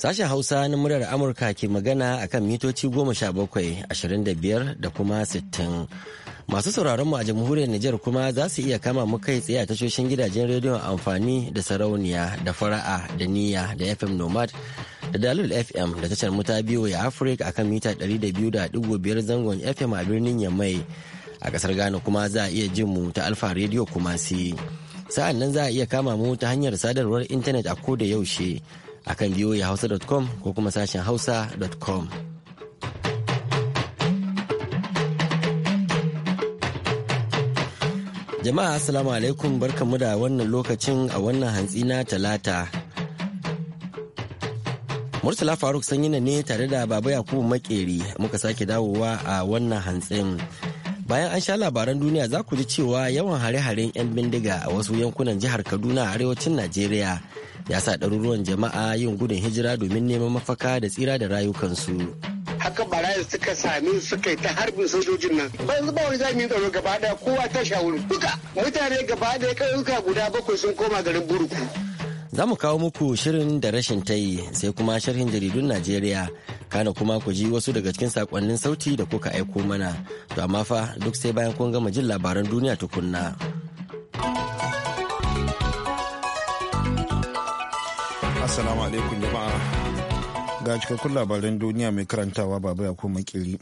Sashen Hausa na muryar Amurka ke magana a kan mitoci goma sha bakwai ashirin da biyar da kuma sittin. Masu sauraron mu a jamhuriyar Nijar kuma za su iya kama mu kai tsaye a tashoshin gidajen rediyon amfani da sarauniya da fara'a da niyya da FM Nomad da Dalil FM da tashar muta biyu biyo ya Afirka kan mita 200.5 zangon FM a birnin Yamai. A kasar Ghana kuma za a iya jin mu ta Alfa Radio Kumasi. Sa'an nan za a iya kama mu ta hanyar sadarwar intanet a ko da yaushe akan voahausa.com ko kuma sashen hausa.com. Jama'a Assalamu alaikum barkanmu da wannan lokacin a wannan hantsi na talata. Murtala Faruk sanyina ne tare da Baba Yakubu Makeri muka sake dawowa a wannan hantsin. bayan an sha labaran duniya za ku ji cewa yawan hare-haren 'yan bindiga a wasu yankunan jihar kaduna a arewacin najeriya ya sa ɗaruruwan jama'a yin gudun hijira domin neman mafaka da tsira da rayukansu haka barayin suka sami suka yi ta harbin sojojin nan Ba yanzu ba wani zami tsaro gaba daya kowa ta shawuru duka mutane gaba daya ƙauyuka guda bakwai sun koma garin burku. Za mu kawo muku shirin da rashin tayi sai kuma sharhin jaridun Najeriya. Kana kuma ku ji wasu daga cikin sakonnin sauti da kuka aiko mana. To amma fa duk sai bayan kun gama jin labaran duniya tukunna. Assalamu alaikum jama'a. Ga cikakkun labaran duniya mai karantawa baba ya kuma kiri.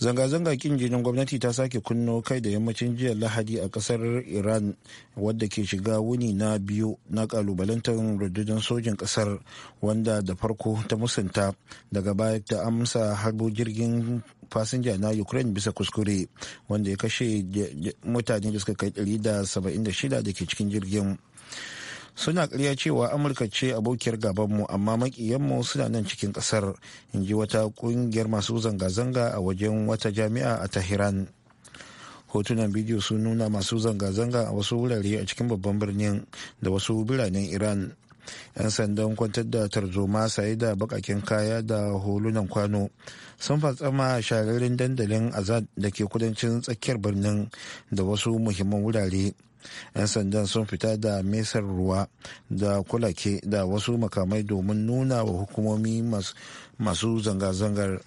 zanga-zanga kin jinin gwamnati ta sake kunno kai da yammacin jiya lahadi a kasar iran wadda ke shiga wuni na biyu na kalubalantar rundunar sojin kasar wanda da farko ta musanta daga baya ta amsa harbo jirgin fasinja na ukraine bisa kuskure wanda ya kashe mutane da suka kai 176 da ke cikin jirgin suna karya cewa amurka ce abokiyar gabanmu amma makiyanmu suna nan cikin ƙasar in ji wata ƙungiyar masu zanga-zanga a wajen wata jami'a a tahiran hotunan bidiyo sun nuna masu zanga-zanga a wasu wurare a cikin babban birnin da wasu biranen iran 'yan sandan kwantar da tarzoma saye da bakakin kaya da hulunan kwano sun fatsama shahararren dandalin azad da ke kudancin tsakiyar birnin da wasu muhimman wurare 'yan sandan sun fita da mesar ruwa da kulake da wasu makamai domin nuna wa hukumomi masu zanga-zangar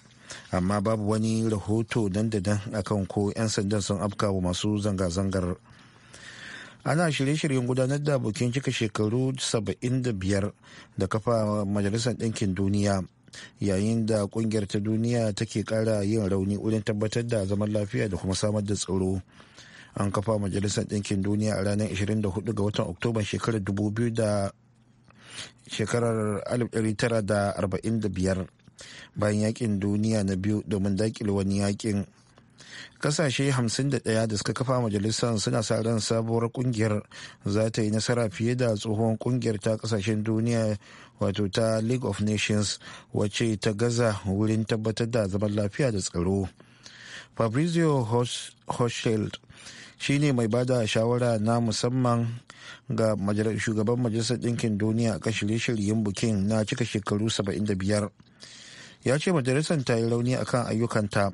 amma babu wani rahoto dandadan akan ko 'yan sandan sun afka wa masu zanga-zangar ana shirye-shiryen gudanar da bukin cika shekaru 75 da kafa majalisar ɗinkin duniya yayin da kungiyar ta duniya take kara yin rauni wurin tabbatar da zaman lafiya da kuma samar da tsaro an kafa majalisar ɗinkin duniya a ranar 24 ga watan oktoba shekarar 2000 shekarar 1945 bayan yakin duniya na biyu domin daƙile wani yakin kasashe 51 da suka kafa majalisar suna sa ran sabuwar kungiyar za ta yi nasara fiye da tsohon kungiyar ta kasashen duniya wato ta league of nations wacce ta gaza wurin tabbatar da zaman lafiya da tsaro fabrizio hochschild shine mai bada shawara na musamman ga shugaban majalisar ɗinkin duniya kan shirye-shiryen bukin na cika shekaru 75 ya ce majalisar ta yi rauni akan ayyukanta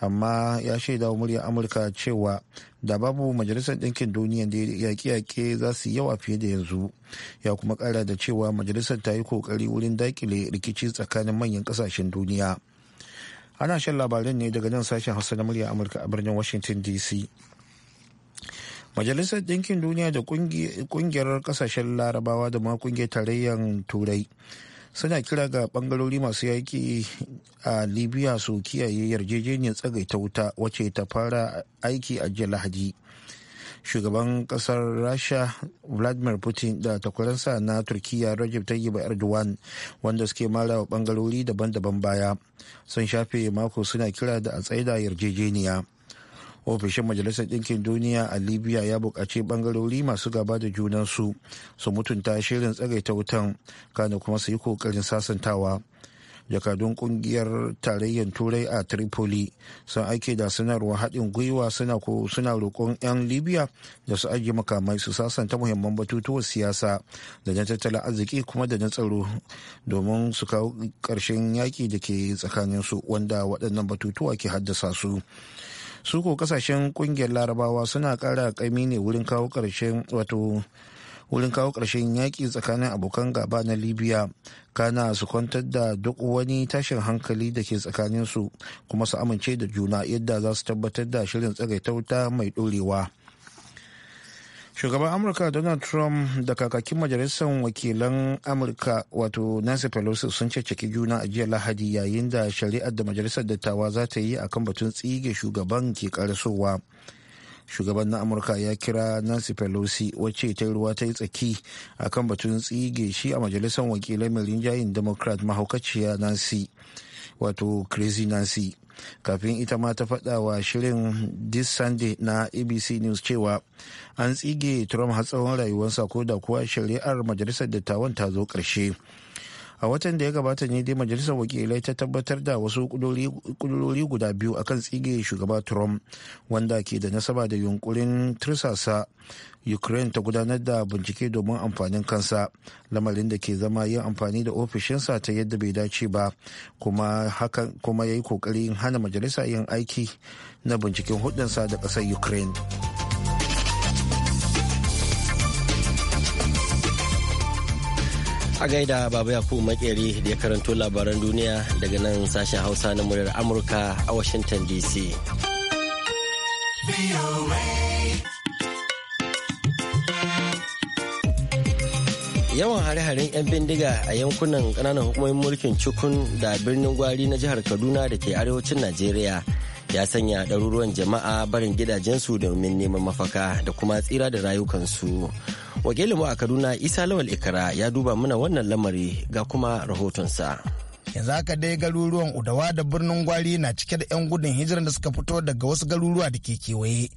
amma ya shaida wa muryar amurka cewa da babu majalisar ɗinkin duniya da yaƙe-yaƙe za su yi yawa fiye da yanzu ya kuma ƙara da cewa majalisar ta yi ƙoƙari wurin daƙile rikici tsakanin manyan ƙasashen duniya ana shan labarin ne daga nan sashen hausa na murya amurka a birnin washington dc majalisar ɗinkin duniya da ƙungiyar ƙasashen larabawa da ma ƙungiyar tarayyar turai suna kira ga ɓangarori masu yaki a libya su kiyaye yarjejeniyar tsagaita wuta wacce ta fara aiki a jiya lahadi shugaban kasar rasha vladimir putin da takwaransa na turkiyya rajab tayyip erdogan wanda suke mara wa ɓangarori daban-daban baya sun shafe mako suna kira da a tsaida yarjejeniya ofishin majalisar ɗinkin duniya a libya ya buƙaci ɓangarori masu gaba da junansu su mutunta shirin tsagaita wutan kana kuma su yi ƙoƙarin sasantawa jakadun ƙungiyar tarayyar turai a tripoli sun aike da sanarwa haɗin gwiwa suna suna roƙon 'yan libya da su ajiye makamai su sasanta muhimman batutuwar siyasa da na tattalin arziki kuma da na tsaro domin su kawo ƙarshen yaƙi da ke tsakanin su wanda waɗannan batutuwa ke haddasa su su ko kasashen kungiyar larabawa suna kara kaimi ne wurin kawo karshen wato wurin kawo ƙarshen yaƙi tsakanin abokan gaba na libya kana su kwantar da duk wani tashin hankali da ke tsakanin su kuma su amince da juna yadda za su tabbatar da shirin tsagaita wuta mai ɗorewa. shugaban amurka donald trump da kakakin majalisar wakilan amurka wato nancy pelosi sun ceceki juna a jiya lahadi yayin da shari'ar da majalisar dattawa za ta yi akan batun tsige shugaban ke karasowa shugaban na amurka ya kira nancy pelosi wacce ta ruwa ta yi tsaki akan batun tsige shi a majalisar wakilai mai rinjayen democrat mahaukaciya nancy wato crazy nancy kafin ita ma ta faɗa wa shirin this sunday na abc news cewa an tsige trump har tsawon rayuwarsa ko da kuwa shari'ar majalisar dattawan ta zo ƙarshe. a watan da ya gabata ne dai majalisar wakilai ta tabbatar da wasu kudurori guda biyu akan tsige shugaba trump wanda ke da nasaba da yunkurin tirsasa ukraine ta gudanar da bincike domin amfanin kansa lamarin da ke zama yin amfani da ofishinsa ta yadda bai dace ba kuma hakan kuma ya yi kokarin hana majalisa yin aiki na binciken hudunsa da ƙasar ukraine a gaida baba yakubu makeri da ya karanto labaran duniya daga nan sashen hausa na muryar amurka a washington dc yawan hare-haren 'yan bindiga a yankunan kananan hukumomin mulkin cukun da birnin gwari na jihar kaduna da ke arewacin najeriya ya sanya ɗaruruwan jama'a barin gidajensu domin neman mafaka da kuma tsira da rayukansu wakilinmu a kaduna isa lawal ikara ya duba mana wannan lamari ga kuma rahotonsa yanzu haka dai garuruwan udawa da birnin gwari na cike da 'yan gudun hijirar da suka fito daga wasu garuruwa da ke kewaye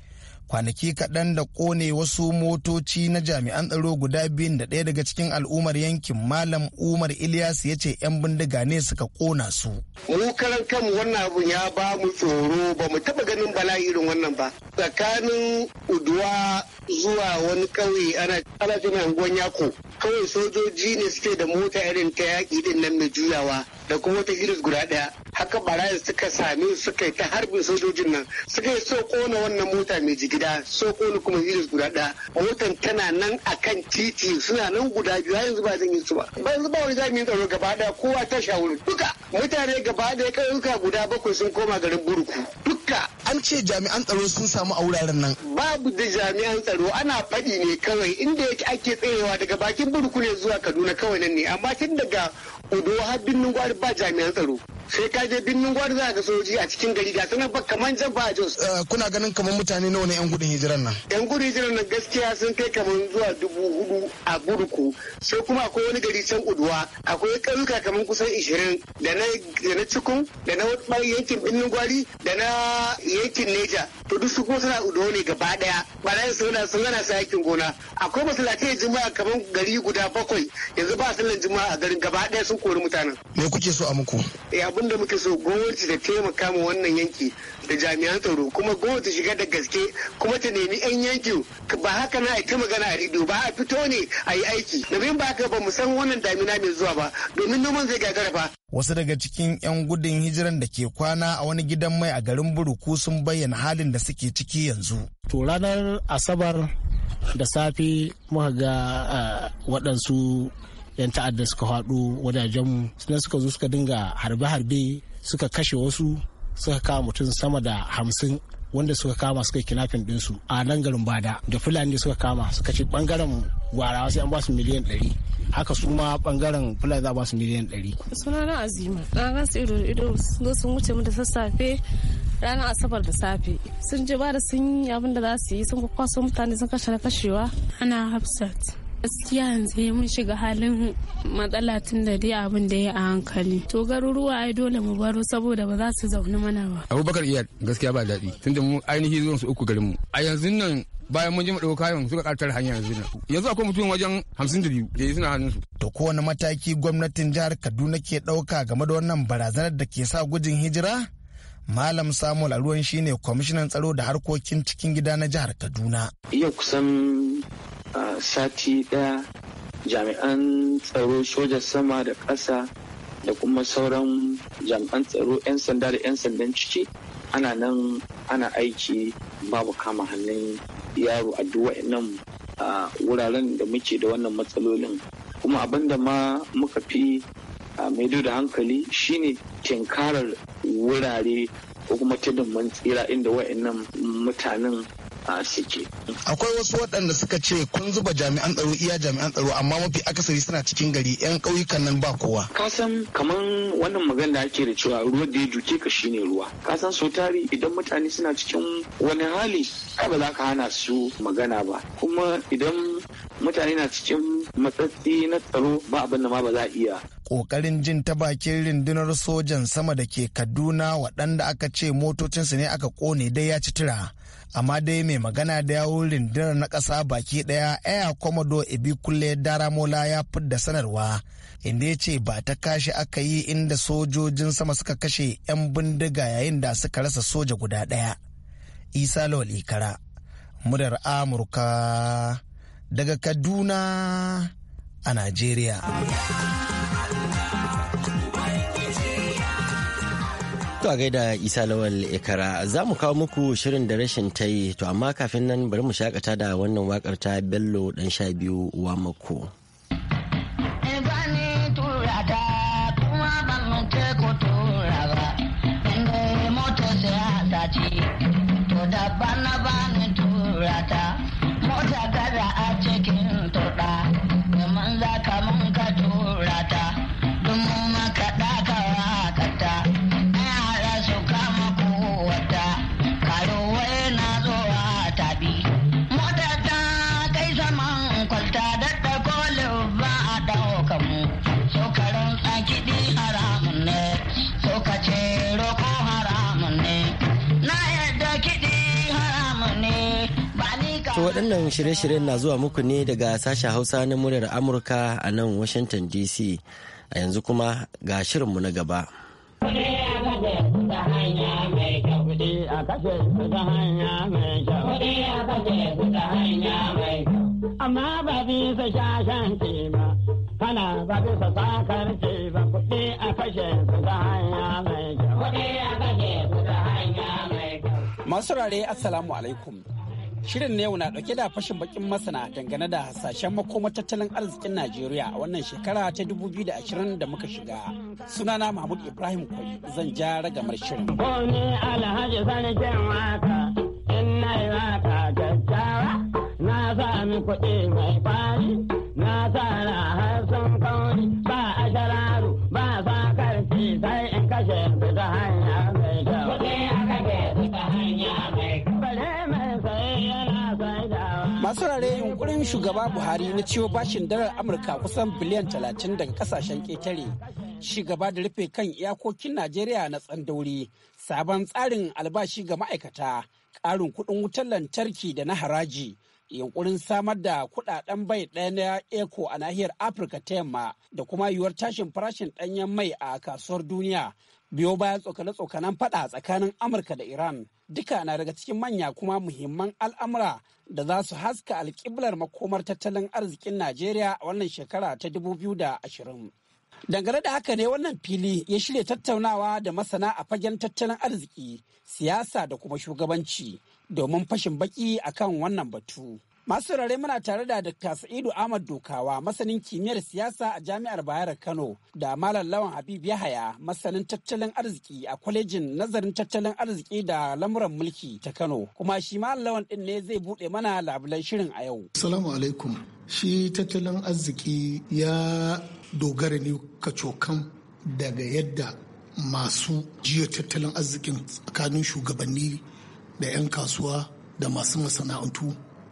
kwanaki kaɗan da ƙone wasu motoci na jami'an tsaro guda biyun da ɗaya daga cikin al'ummar yankin malam umar ilyas ya ce 'yan bindiga ne suka ƙona su. mu karan kanmu wannan abu ya ba mu tsoro ba mu taɓa ganin bala irin wannan ba tsakanin uduwa zuwa wani ƙauye ana ana jami'an anguwan yako kawai sojoji ne suke da mota irin ta yaƙi din nan mai juyawa da kuma wata iris guda ɗaya, haka barayin suka same suka yi ta harbin sojojin nan suka yi so kona wannan mota mai jigida so kona kuma iris guda daya motan tana nan a kan titi suna nan guda biyu yanzu ba zan yi su ba ba yanzu ba wani jami'in tsaro gaba daya kowa ta shawuru duka mutane gaba daya suka guda bakwai sun koma garin burku duka an ce jami'an tsaro sun samu a wuraren nan. Babu da jami'an tsaro ana faɗi ne kawai inda yake ake tsayawa daga bakin burkune zuwa Kaduna kawai nan ne amma tun daga Odo har birnin Gwari ba jami'an tsaro. sai ka je birnin gwari za ka soji a cikin gari ga sanar ba kamar jan ba jos. Eh, kuna ganin kamar mutane nawa ne yan gudun hijiran nan. yan gudun hijiran nan gaskiya sun kai kamar zuwa dubu hudu a burku sai kuma akwai wani gari can uduwa akwai ƙauyuka kamar kusan ishirin da na cikun da na yankin birnin gwari da na yankin neja to duk su kuma suna uduwa ne gaba daya ɓarayin suna sun gana sa yakin gona akwai masalatai jima'a kamar gari guda bakwai yanzu ba sallan jima'a a garin gaba daya sun kori mutanen. me kuke so a muku. abin da muke so gwamnati da taimaka ma wannan yanki da jami'an tsaro kuma gwamnati shiga da gaske kuma ta nemi 'yan yanki ba haka na ta magana a rediyo ba a fito ne a yi aiki domin ba haka ba mu san wannan damina mai zuwa ba domin noman zai gagara fa. Wasu daga cikin 'yan gudun hijiran da ke kwana a wani gidan mai a garin Buruku sun bayyana halin da suke ciki yanzu. To ranar Asabar da safe muka ga ah, waɗansu 'yan ta'adda suka haɗu wajajenmu suna suka zo suka dinga harbe-harbe suka kashe wasu suka kama mutum sama da hamsin wanda suka kama suka kinafin ɗinsu a nan garin bada da fulani ne suka kama suka ce ɓangaren gwarawa sai an ba su miliyan ɗari haka su ma bangaren fulani za ba su miliyan Suna na azima ranar su ido ido sun zo sun wuce mu da sassafe ranar asabar da safe sun je ba da sun yi abin da za su yi sun kwakwaso mutane sun kashe na kashewa ana hafsat gaskiya yanzu mun shiga halin matsala tun da dai abin da ya a hankali to garuruwa ai dole mu baro saboda ba za su zaune mana ba abubakar iya gaskiya ba daɗi da mu ainihi zuwan su uku garinmu a yanzu nan bayan mun ji mu ɗauko kayan suka ƙartar hanya yanzu nan yanzu akwai mutum wajen hamsin da biyu da eh, suna hannun su. to wani mataki gwamnatin jihar kaduna ke ɗauka game da wannan barazanar da ke sa gudun hijira Malam Samuel Aruwan shine kwamishinan tsaro da harkokin cikin gida na jihar Kaduna. Iya kusan a sati ɗaya jami'an tsaro soja sama da ƙasa da kuma sauran jami'an tsaro 'yan sanda da 'yan sandan ciki ana nan ana aiki babu kama hannun yaro a duk nan wuraren da muke da wannan matsalolin kuma abinda ma muka fi maido da hankali shine tinkarar wurare ko kuma tudun mun tsira inda wa'annan mutanen suke. Akwai wasu waɗanda suka ce kun zuba jami'an tsaro iya jami'an tsaro amma mafi akasari suna cikin gari 'yan ƙauyukan nan ba kowa. Kasan kaman wannan magana da ake da cewa ruwa da ya juke ka shine ruwa. Kasan so tari idan mutane suna cikin wani hali ka ba za ka hana su magana ba. Kuma idan mutane na cikin matsatsi na tsaro ba abin da ma ba za a iya kokarin jin ta bakin rundunar sojan sama da ke kaduna waɗanda aka ce motocinsu ne aka kone dai ya ci tura. amma dai mai magana da yawon rundunar na ƙasa baki ɗaya air komodo ibikule daramola ya fidda sanarwa inda ya ce ba ta kashe aka yi inda sojojin sama suka kashe 'yan bindiga yayin da suka rasa soja guda ɗaya isa lawal ikara murar amurka daga Kaduna a Najeriya. To gaida Isa Lawal Ikara za mu kawo muku shirin da rashin ta yi to amma kafin nan bari mu shakata da wannan wakar ta Bello dan sha biyu wa mako. waɗannan shirye-shiryen na zuwa muku ne daga sashen hausa na muryar amurka a nan washington dc a yanzu kuma ga shirinmu na gaba amma ba bisa shashen ke ba kana ba bisa sakar ke ba kuɗi a kashe su ta hanya mai kyau kuɗi a kashe su ta hanya mai kyau masu rare assalamu alaikum Shirin na yau na ɗauke da fashin bakin masana dangane da hasashen makomar tattalin arzikin Najeriya a wannan shekara ta 2020 da muka shiga. Sunana Mahmud Ibrahim Kwari zan ja ragamar shirin. kone alhaji sani jin waka, in na yi waka na sami kuɗi mai fari, na sa har sun kauri, ba a shararu, ba sa karfi sai in kashe su ta hanya mai kyau. masu yunkurin shugaba buhari na ciwo bashin dalar amurka kusan biliyan 30 daga kasashen ketare shugaba da rufe kan iyakokin najeriya na tsandauri sabon tsarin albashi ga ma'aikata ƙarin kuɗin wutar lantarki da na haraji yunkurin samar da kuɗaɗen bai ɗaya na eco a nahiyar afirka ta yamma da kuma yiwuwar tashin farashin ɗanyen mai a kasuwar duniya biyo bayan tsokane-tsokanen fada tsakanin amurka da iran duka na daga cikin manya kuma muhimman al'amura da za su haska alkiblar makomar tattalin arzikin najeriya a wannan shekara ta 2020 dangane da haka ne wannan fili ya shirya tattaunawa da masana a fagen tattalin arziki siyasa da kuma shugabanci domin fashin baki akan wannan batu Masu rare muna tare da Dr. Sa'idu Ahmad Dokawa, masanin kimiyyar siyasa a Jami'ar Bayar Kano, da Malam Lawan Habib Yahaya, masanin tattalin arziki a kwalejin nazarin tattalin arziki da lamuran mulki ta Kano. Kuma shi Malam Lawan din ne zai buɗe mana labulan shirin a yau. Assalamu alaikum. Shi tattalin arziki ya dogara ne kacokan daga yadda masu jiyo tattalin arzikin tsakanin shugabanni da 'yan kasuwa da masu masana'antu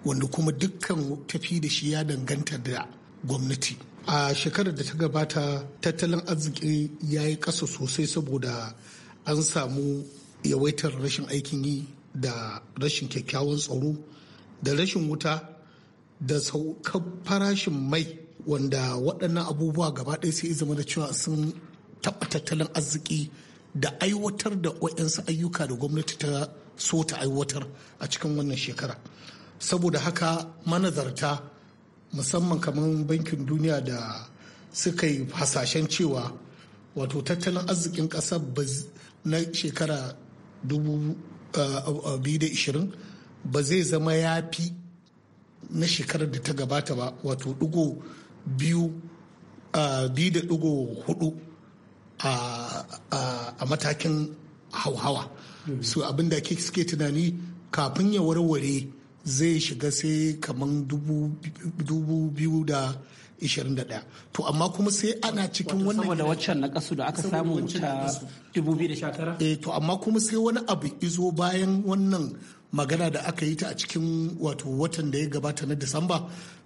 wanda kuma dukkan tafi da shi ya danganta da gwamnati a shekarar da ta gabata tattalin arziki ya yi ƙasa sosai saboda an samu yawaitar rashin aikin yi da rashin kyakkyawan tsaro da rashin wuta da saukar farashin mai wanda waɗannan abubuwa gaba ɗaya sai zama da cewa sun taɓa tattalin arziki da aiwatar da waɗansu ayyuka da gwamnati ta so ta aiwatar a cikin wannan shekara saboda haka manazarta musamman kamar bankin duniya da suka yi hasashen cewa wato tattalin arzikin ƙasa na shekara 2020 eh, eh, ba zai zama ya fi na shekarar da ta gabata ba wato digo eh, biyu da digo hudu a matakin hauhawa mm-hmm. su abinda suke tunani kafin ya warware zai shiga sai kaman dubu biyu da ishirin da daya. to amma kuma sai ana cikin wannan saboda waccan na kasu da aka samu ta 2019 eh to amma kuma sai wani abu izo bayan wannan magana da aka yi ta a cikin wato watan da ya gabata na disamba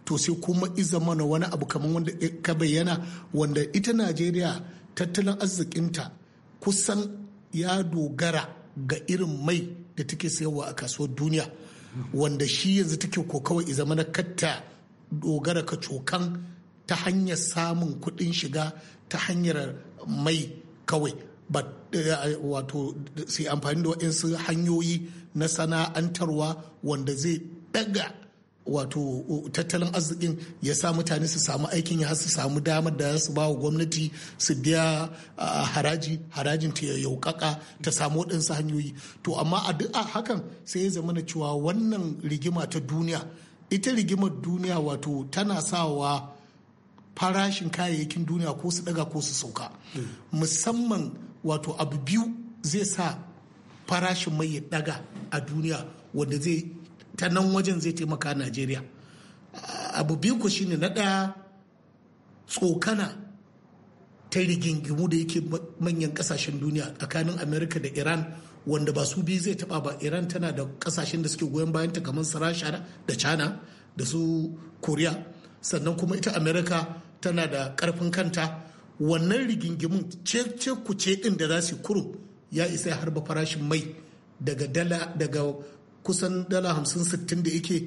to sai kuma iza mana wani abu kamar wanda ka bayyana wanda ita najeriya tattalin arzikinta kusan ya dogara ga irin mai da take sayarwa a kasuwar duniya wanda shi yanzu take ko kawai zama na katta dogara ka cokan ta hanyar samun kuɗin shiga ta hanyar mai kawai eh, wato sai amfani da waɗansu hanyoyi na sana'antarwa wanda zai ɗaga wato tattalin arzikin ya sa mutane su samu aikin ya su samu damar da su ba wa gwamnati su biya haraji harajin ta yaukaka ta samu waɗansu hanyoyi to amma a duk hakan sai ya zama cewa wannan rigima ta duniya ita rigimar duniya wato tana sawa farashin kayayyakin duniya ko su daga ko su sauka hmm. musamman wato abu biyu zai sa farashin mai ya daga a duniya wanda zai ta nan wajen zai taimaka najeriya abu biyu shine na ɗaya tsokana ta rigingimu da yake manyan kasashen duniya tsakanin amerika da iran wanda ba su biyu zai taba ba iran tana da kasashen da suke goyon bayan ta kamar su rasha da china da su korea sannan kuma ita amerika tana da karfin kanta wannan rigingimun ce kuce din da za su kurum ya isa harba farashin mai daga dala daga kusan dala hamsin sittin da yake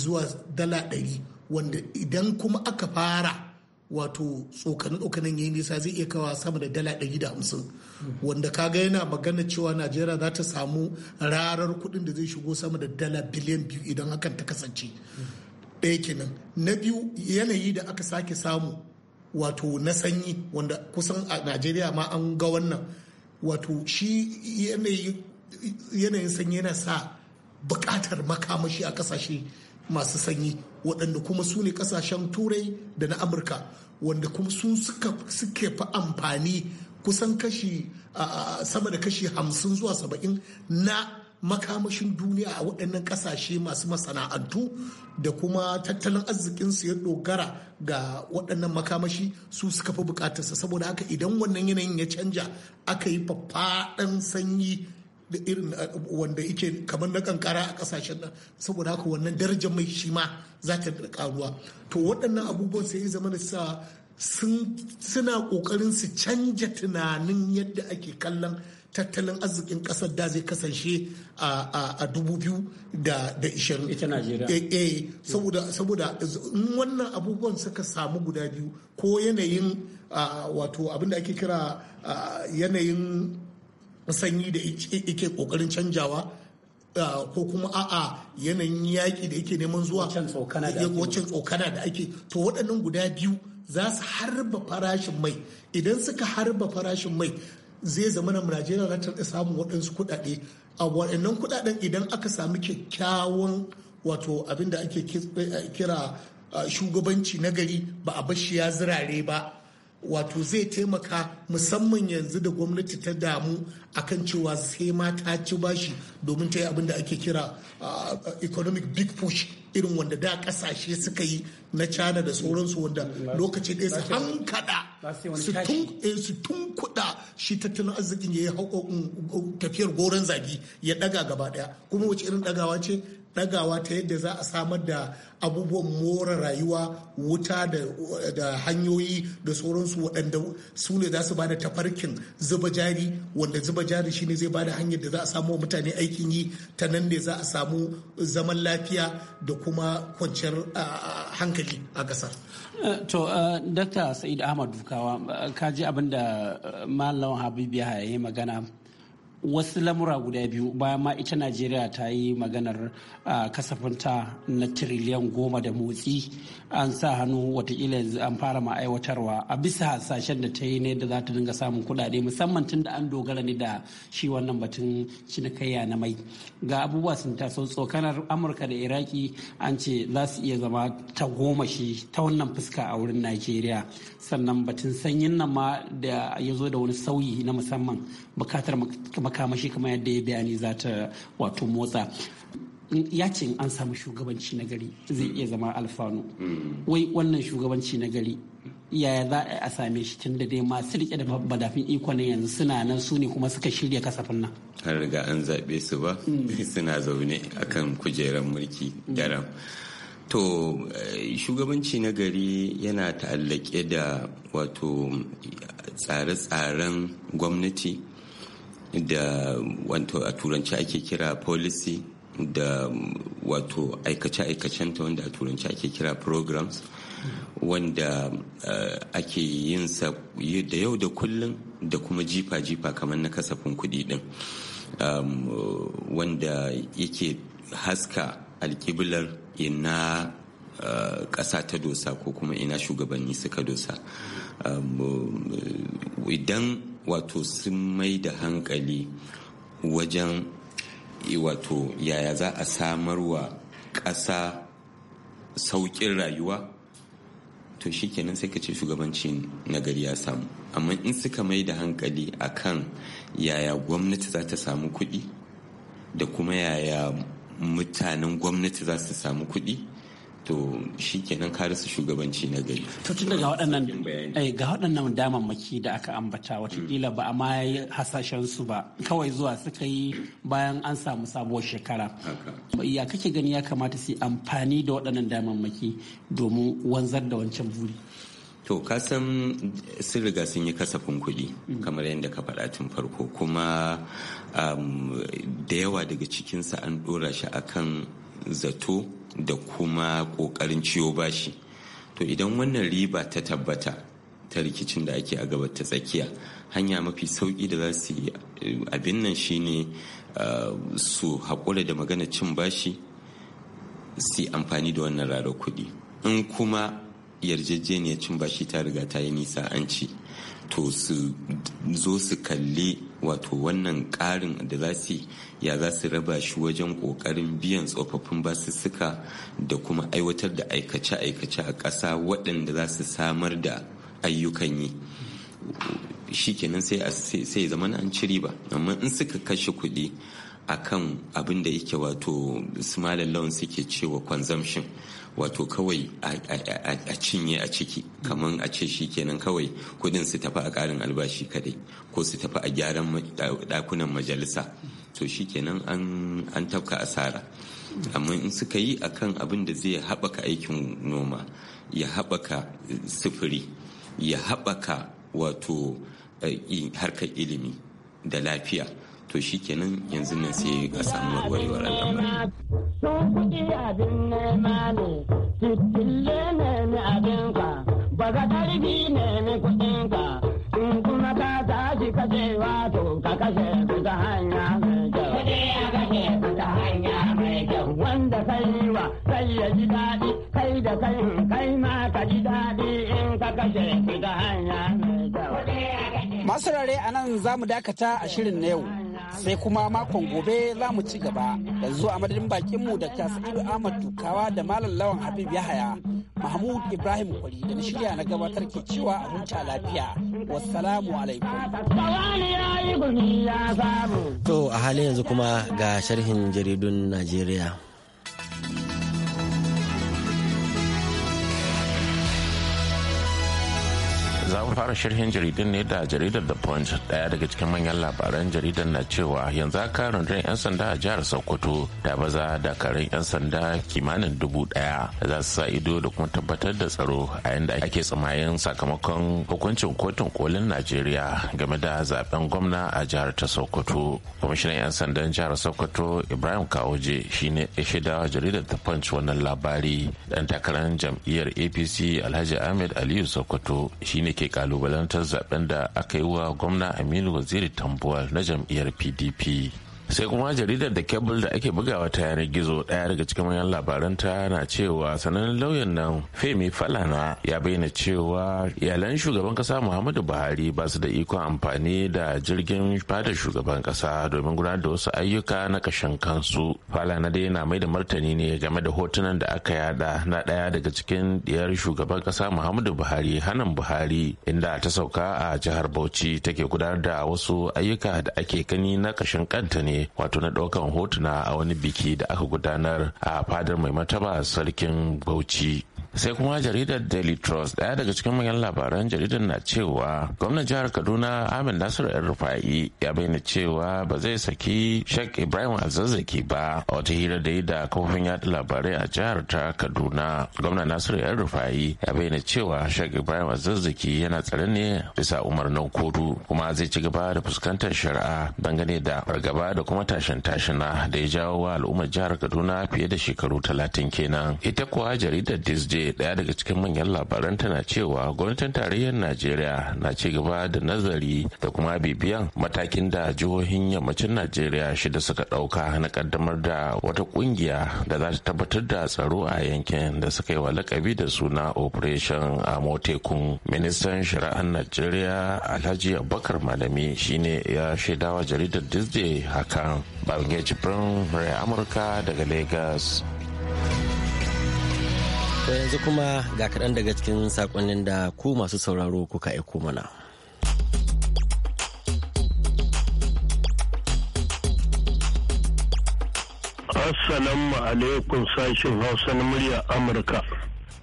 zuwa dala ɗari wanda idan kuma aka fara wato tsokanin tsokanin yayi nisa zai iya kawa sama da dala ɗari da hamsin wanda kaga yana magana cewa najeriya za ta samu rarar kuɗin da zai shigo sama da dala biliyan biyu idan hakan ta kasance ɗaya kenan na biyu yanayi da aka sake samu wato na sanyi wanda kusan a najeriya ma an ga wannan wato shi yanayin sanyi yana sa bukatar makamashi a ƙasashe masu sanyi waɗanda kuma su ne ƙasashen turai da na amurka wanda kuma sun suke fi amfani kusan kashi sama da kashi hamsin zuwa saba'in na makamashin duniya a waɗannan ƙasashe masu masana'antu da kuma tattalin arzikinsu ya dogara ga waɗannan makamashi su suka fi bukatarsa saboda haka idan wannan yanayin ya canja aka yi faffaɗan sanyi da irin uh, wanda yake kamar na kankara a kasashen nan saboda haka wannan darajar mai shi ma za ta karuwa to waɗannan abubuwan sai zama da sa suna kokarin su canja tunanin yadda ake kallon tattalin arzikin ƙasar da zai kasance a dubu biyu da ishirin ita najeriya eh, eh, saboda saboda wannan abubuwan suka samu guda biyu ko yanayin uh, wato abinda ake kira uh, yanayin na sanyi da yake kokarin canjawa ah, ko kuma a'a yanayin yaƙi da yake neman zuwa wacin tsokana da ake to waɗannan guda biyu za su harba farashin mai idan suka harba farashin mai zai zama na najeriya za ta samun waɗansu kuɗaɗe a waɗannan kuɗaɗen idan aka sami kyakkyawan wato abin da ake eh, kira ah, shugabanci na gari ba a bashi ya zirare ba wato zai taimaka musamman yanzu da gwamnati ta damu akan cewa sai mata ci bashi domin ta yi abin da ake kira economic big push irin wanda da kasashe suka yi na china da sauransu wanda lokaci ɗaya su hankada su tun eh, kuɗa shi tattalin arzikin ya yi um, um, tafiyar goron zagi ya ɗaga gaba ɗaya kuma wace irin ɗagawa ce dagawa ta yadda za a samar da abubuwan more rayuwa wuta da hanyoyi da sauransu waɗanda su ne za su bada tafarkin zuba jari wanda zuba jari shine zai bada hanyar da za a samu mutane aikin yi ta nan ne za a samu zaman lafiya da kuma kwanciyar hankali a ƙasar. Eh, to eh, dr. sa'id ahmad dukawa eh, ka ji abin da malam habibu ya yi magana wasu lamura guda biyu bayan ma ita najeriya ta yi maganar kasafinta na tiriliyan goma da motsi an sa hannu watakila yanzu an fara ma aiwatarwa a bisa hasashen da ta yi ne da za ta dinga samun kudade musamman tun da an dogara ne da shi wannan batun cinikayya na mai ga abubuwa sun taso tsokanar amurka da iraki an ce za su iya zama ta goma shi ta wannan fuska a wurin najeriya sannan batun sanyin nan ma da ya zo da wani sauyi na musamman bukatar makamashi kamar yadda ya bayani za ta wato motsa ya ce an samu shugabanci na gari zai iya zama alfanu mm. wai wannan shugabanci na gari yaya za a same shi tun da dai masu rike da madafin iko na yanzu suna nan su ne kuma suka shirya kasafin nan har riga an zaɓe su ba mm. suna zaune akan kujerar mulki daram to eh, shugabanci na gari yana ta'allake da wato tsare-tsaren gwamnati da wato a turanci ake kira policy da mm, wato aikace-aikacenta wanda a turanci ake kira programs wanda eh, ake yin sa da yau da kullum da kuma jifa-jifa kamar na kasafin kuɗi ɗin wanda yake haska alkiblar ina eh, ƙasa ta dosa ko kuma ina shugabanni suka dosa idan wato sun mai da hankali wajen eh, wato yaya za a samarwa ƙasa sauƙin rayuwa to shikenan sai ka ce shugabanci nagari ya samu amma in suka mai da hankali a kan yaya gwamnati za ta samu kuɗi da kuma yaya mutanen gwamnati za su samu kuɗi to shi kenan ka rasa shugabanci na gari. To tun daga waɗannan eh, ga waɗannan damammaki da aka ambata watakila ba a ma hasashen su ba kawai zuwa suka yi bayan an samu sabuwar shekara. Ya kake gani ya kamata su amfani da waɗannan damammaki domin wanzar da wancan buri. To kasan sun riga sun yi kasafin kuɗi mm. kamar yadda ka faɗa tun farko kuma da yawa daga cikinsa an ɗora shi akan zato da kuma ƙoƙarin ciyo bashi to idan wannan riba ta tabbata ta rikicin da ake a gaba ta tsakiya hanya mafi sauki da za su yi eh, abin nan shine eh, su haƙura da magana cin bashi su amfani da wannan rara kuɗi in kuma yarjejeniyar cin bashi ta riga ta yi nisa an ci to su zo su kalli wato wannan ƙarin da za su ya za su raba shi wajen ƙoƙarin biyan tsofaffin basussuka da kuma aiwatar da aikace-aikace a ƙasa waɗanda za su samar da ayyukan yi shi kenan sai zama an ci riba amma in suka kashe kuɗi akan abin da yake wato small malam suke cewa consumption wato kawai a cinye a ciki kamar a ce shi kenan kawai kudin su tafi a karin albashi kadai ko su tafi a gyaran dakunan majalisa to shi kenan an tafka asara amma in suka yi akan abin da zai haɓaka aikin noma ya haɓaka sufuri ya haɓaka wato eh, harkar ilimi da lafiya to shi kenan yanzu nan sai a samu warwarewar su Kuɗi a kashe su ta hanya mai kyau. Wanda kai wa sai ya kai da kai kai ma ka daɗi in ka Masu rare a nan za mu dakata a shirin na yau. sai kuma makon gobe za mu ci gaba yanzu a madadin bakinmu da sa'idu ahmad dukawa da malam lawan habib yahaya mahmud ibrahim kwari da na shirya na gabatar ke cewa a huta lafiya wassalamu alaikum to a halin yanzu kuma ga sharhin jaridun najeriya za mu fara shirhin jaridun ne da jaridar the punch daya daga cikin manyan labaran jaridar na cewa yanzu aka rundunar 'yan sanda a jihar sokoto ta baza dakarun 'yan sanda kimanin dubu daya da za su sa ido da kuma tabbatar da tsaro a yadda ake tsamayin sakamakon hukuncin kotun kolin najeriya game da zaben gwamna a jihar ta sokoto kwamishinan 'yan sandan jihar sokoto ibrahim kawoje shine ya shaida jaridar the punch wannan labari dan takarar jam'iyyar apc alhaji ahmed aliyu sokoto shine ke kalubalantar zaben da aka yi wa gwamna aminu waziri tambuwal na jam'iyyar pdp sai kuma jaridar da kebul da ake bugawa ta yanar gizo daya daga cikin manyan labaran ta na cewa sanannen lauyan nan femi falana ya bayyana cewa iyalan shugaban kasa muhammadu buhari ba su da ikon amfani da jirgin fadar shugaban kasa domin gudanar da wasu ayyuka na kashin kansu falana dai na mai da martani ne game da hotunan da aka yada na daya daga cikin diyar shugaban kasa muhammadu buhari hanan buhari inda ta sauka a jihar bauchi take gudanar da wasu ayyuka da ake gani na kashin kanta ne wato na ɗaukan hotuna a wani biki da aka gudanar a fadar mai mataba sarkin bauchi sai kuma jaridar daily trust daya daga cikin manyan labaran jaridar na cewa gwamnan jihar kaduna Amin nasiru yan rufa'i ya bayyana cewa ba zai saki sheikh ibrahim azazzaki ba a wata hira da yi da kafofin yada labarai a jihar ta kaduna gwamnan nasiru yan rufa'i ya bayyana cewa sheikh ibrahim azazzaki yana tsare ne bisa umarnin kotu kuma zai ci gaba da fuskantar shari'a dangane da fargaba da kuma tashin tashina da ya jawo wa al'ummar jihar kaduna fiye da shekaru talatin kenan ita kuwa jaridar disney daya daga cikin manyan labaran tana cewa gwamnatin tarayyar najeriya na ci gaba da nazari da kuma bibiyan matakin da jihohin yammacin najeriya shida suka dauka na kaddamar da wata kungiya da za ta tabbatar da tsaro a yankin da suka yi wa lakabi da suna operation amotekun ministan shari'ar najeriya alhaji abubakar malami shine ya shaida wa jaridar disney hakan babin ya jibrin amurka daga lagos To yanzu kuma ga kaɗan daga cikin saƙonnin da ku masu sauraro kuka aiko mana. Assalamu alaikum sashen Hausa na murya Amurka.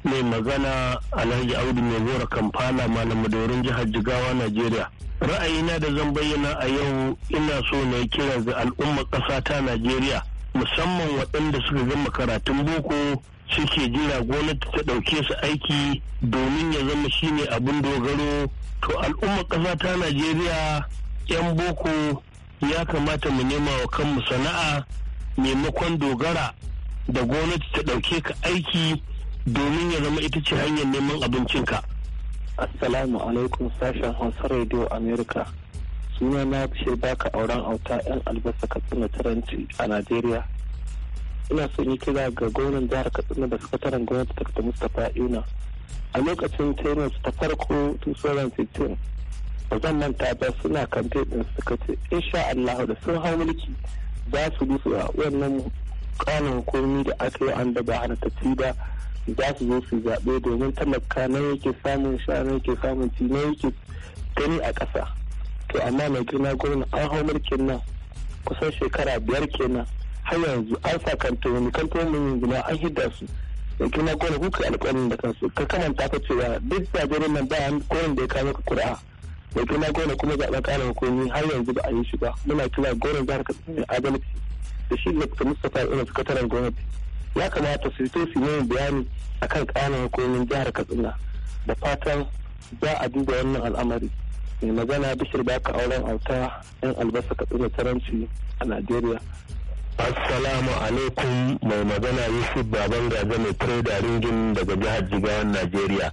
Mai magana Alhaji Audu mai zora kamfana da wurin jihar Jigawa, Najeriya. Ra'ayina da zan bayyana a yau ina so na yi kira ga al'ummar ƙasa ta Najeriya musamman waɗanda suka gama karatun boko suke jira gwamnati ta ɗauke su aiki domin ya zama shine abin dogaro to al'ummar ƙasa ta najeriya 'yan boko ya kamata mu nema wa kanmu sana'a maimakon dogara da gwamnati ta ɗauke ka aiki domin ya zama ita ce hanyar neman abincinka. Assalamu alaikum sashen Hausa Radio America. Suna na bishir baka auren auta 'yan albasa katsina taranci a Najeriya. ina son yi kira ga gwamnan jihar katsina da sakataren gwamnati dr mustapha Ina. a lokacin tennis ta farko 2015 ba zan manta ba suna kamfe din suka ce insha Allah da sun hau mulki za su bi a wannan kanin komi da aka yi an da ba hana tafi ba za su zo su zaɓe domin talaka na yake samun sha na yake samun ci na yake gani a ƙasa to amma mai girma gwamna an hau mulkin nan kusan shekara biyar kenan har yanzu an sa kantoni kantoni yanzu na an hidda su in na kone kuka alƙalin da kansu ka kamanta ka cewa duk da zaɓen nan ba an kowane da ya kawo ka kura mai girma gona kuma za a ƙarin hukumi har yanzu ba a yi shi ba muna kira gonan jihar katsina adalci da shi da ta mustapha ina sakataren gwamnati ya kamata su fito su yi bayani a kan ƙarin hukumin jihar katsina da fatan za a duba wannan al'amari mai magana bishir baka auren auta yan albasa katsina taranci a najeriya Assalamu alaikum mai magana Yusuf Baban Gaza mai Trader Ringin daga jihar Jigawan Najeriya.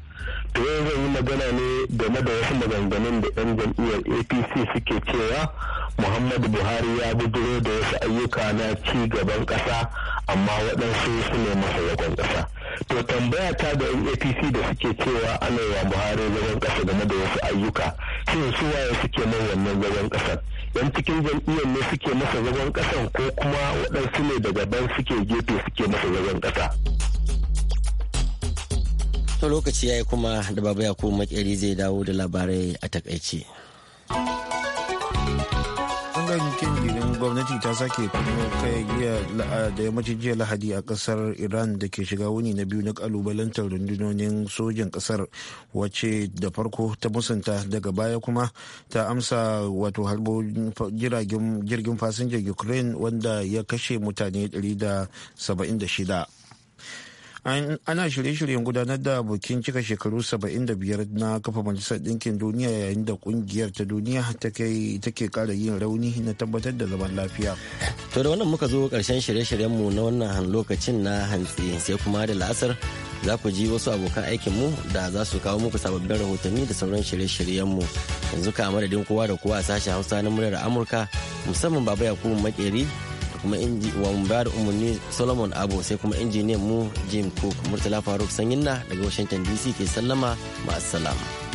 To yau zan yi magana ne game da wasu maganganun da 'yan jam'iyyar APC suke cewa Muhammadu Buhari ya buduro da wasu ayyuka na ci gaban ƙasa amma waɗansu su ne masa zagon ƙasa. To tambaya ta da 'yan APC da suke cewa ana yi wa Buhari zagon ƙasa game da wasu ayyuka. Shin su waye suke mai wannan zagon ƙasar? yan cikin jam'iyyar ne suke masa zagon kasan ko kuma waɗansu ne daga ban suke gefe suke masa zagon kasa. to lokaci ya yi kuma da baba ya kuma makeri zai dawo da labarai a takaice. gwamnati ta sake kuma kai da yammacin jiya lahadi a kasar iran da ke shiga wuni na biyu na kalubalantar rundunonin sojin kasar wacce da farko ta musanta daga baya kuma ta amsa wato harbo jirgin fasinjan ukraine wanda ya kashe mutane 176 ana shirye-shiryen gudanar da bikin cika shekaru 75 na kafa majalisar ɗinkin duniya yayin da kungiyar ta duniya ta take kara yin rauni na tabbatar da zaman lafiya. to da wannan muka zo karshen shirye-shiryenmu na wannan lokacin na hantsi sai kuma da la'asar za ku ji wasu abokan aikinmu da za su kawo muku sababbin rahotanni da sauran shirye-shiryenmu yanzu ka madadin kowa da kowa a sashen hausa na muryar amurka musamman baba yakubu makeri kuma wa mu bayar umarni solomon abu sai kuma injiniyan mu jim cook murtala faruk na daga washington dc ke sallama ma'asalama.